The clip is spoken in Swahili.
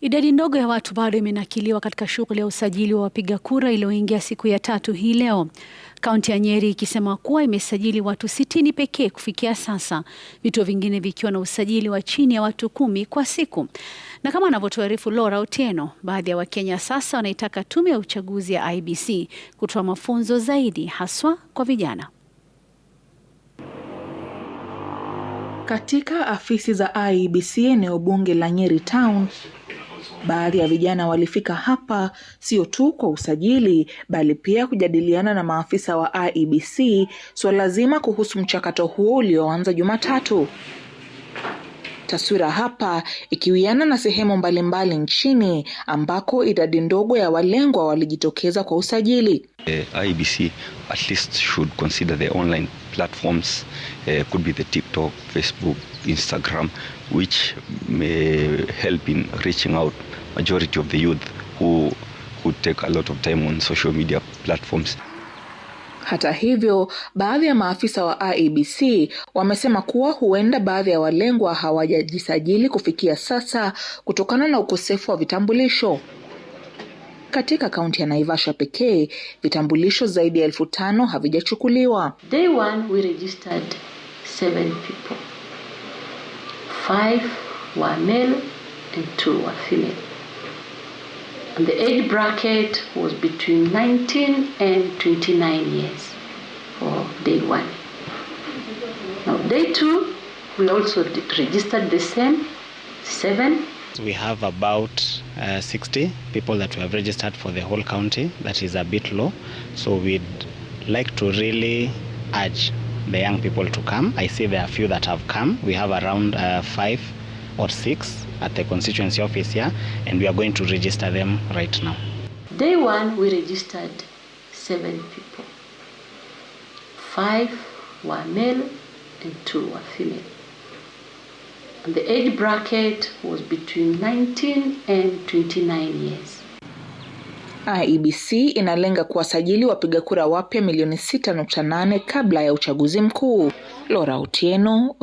Idadi ndogo ya watu bado imenakiliwa katika shughuli ya usajili wa wapiga kura iliyoingia siku ya tatu hii leo, kaunti ya Nyeri ikisema kuwa imesajili watu sitini pekee kufikia sasa, vituo vingine vikiwa na usajili wa chini ya watu kumi kwa siku. Na kama anavyotuarifu Laura Otieno, baadhi ya Wakenya sasa wanaitaka tume ya uchaguzi ya IEBC kutoa mafunzo zaidi haswa kwa vijana. Katika afisi za IEBC eneo bunge la Nyeri Town Baadhi ya vijana walifika hapa sio tu kwa usajili, bali pia kujadiliana na maafisa wa IEBC suala so zima kuhusu mchakato huo ulioanza Jumatatu. Taswira hapa ikiwiana na sehemu mbalimbali nchini ambako idadi ndogo ya walengwa walijitokeza kwa usajili. Uh, IBC at least should consider the online platforms uh, could be the TikTok, Facebook, Instagram which may help in reaching out majority of the youth who who take a lot of time on social media platforms. Hata hivyo, baadhi ya maafisa wa IEBC wamesema kuwa huenda baadhi ya walengwa hawajajisajili kufikia sasa kutokana na ukosefu wa vitambulisho. Katika kaunti ya Naivasha pekee vitambulisho zaidi ya elfu tano havijachukuliwa. Day one we registered seven people. Five were male and two were female. the age bracket was between 19 and 29 years for day one. Now, day two, we also registered the same, seven. We have about uh, 60 people that we have registered for the whole county. That is a bit low. So we'd like to really urge the young people to come. I see there are a few that have come. We have around uh, five or six at the constituency office here and we are going to register them right now. Day one, we registered seven people. Five were male and two were female. And the age bracket was between 19 and 29 years. IEBC inalenga kuwasajili wapiga kura wapya milioni 6.8 kabla ya uchaguzi mkuu. Laura Otieno